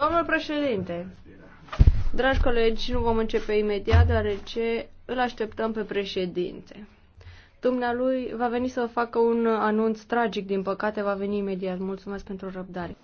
Domnul președinte, dragi colegi, nu vom începe imediat, deoarece îl așteptăm pe președinte. Dumnealui va veni să facă un anunț tragic, din păcate va veni imediat. Mulțumesc pentru răbdare.